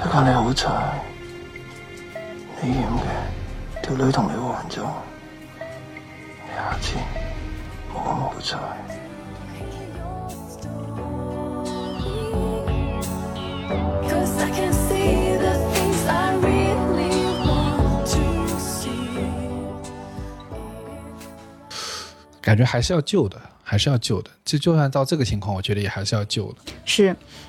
不過你好彩，你染嘅條女同你玩咗，你下次冇咁好彩。感覺還是要救的，還是要救的。就就算到這個情況，我覺得也還是要救的。是。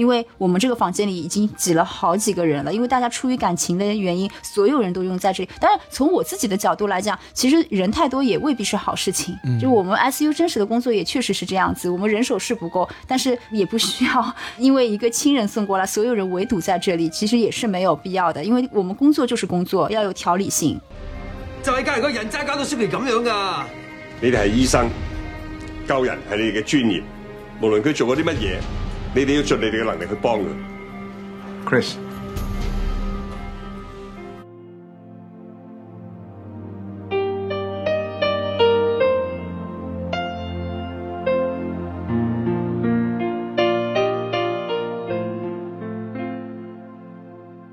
因為我們這個房間裏已經擠了好幾個人了，因為大家出於感情的原因，所有人都用在這裏。但是從我自己的角度來講，其實人太多也未必是好事情。嗯、就我們 ICU 真實的工作也確實是這樣子，我們人手是不夠，但是也不需要因為一個親人送過來，所有人圍堵在這裏，其實也是沒有必要的。因為我們工作就是工作，要有條理性。就係、是、假如個人渣搞到出嚟咁樣噶，你哋係醫生，救人係你哋嘅專業，無論佢做過啲乜嘢。你哋要盡你哋嘅能力去幫佢，Chris。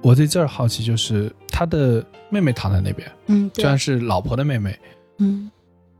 我對這兒好奇，就是他的妹妹躺在那邊，嗯，對，雖然是老婆的妹妹，嗯。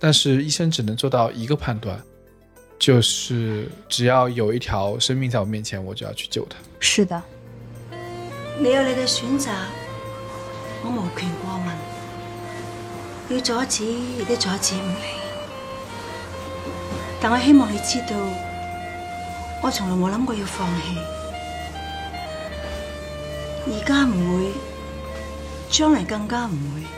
但是醫生只能做到一個判斷，就是只要有一條生命在我面前，我就要去救他。是的，你有你嘅選擇，我無權過問。要阻止亦都阻止唔嚟，但我希望你知道，我從來冇諗過要放棄，而家唔會，將來更加唔會。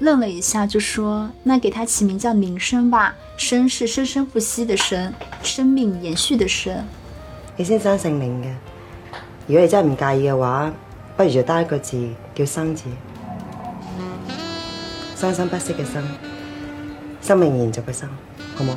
愣了一下，就說：“那給他起名叫‘名生’吧，‘生’是生生，生生不息的生，生命延續的生。你先生姓靈嘅，如果你真係唔介意嘅話，不如就單一個字叫‘生’字，生生不息嘅生，生命延續嘅生，好唔好？”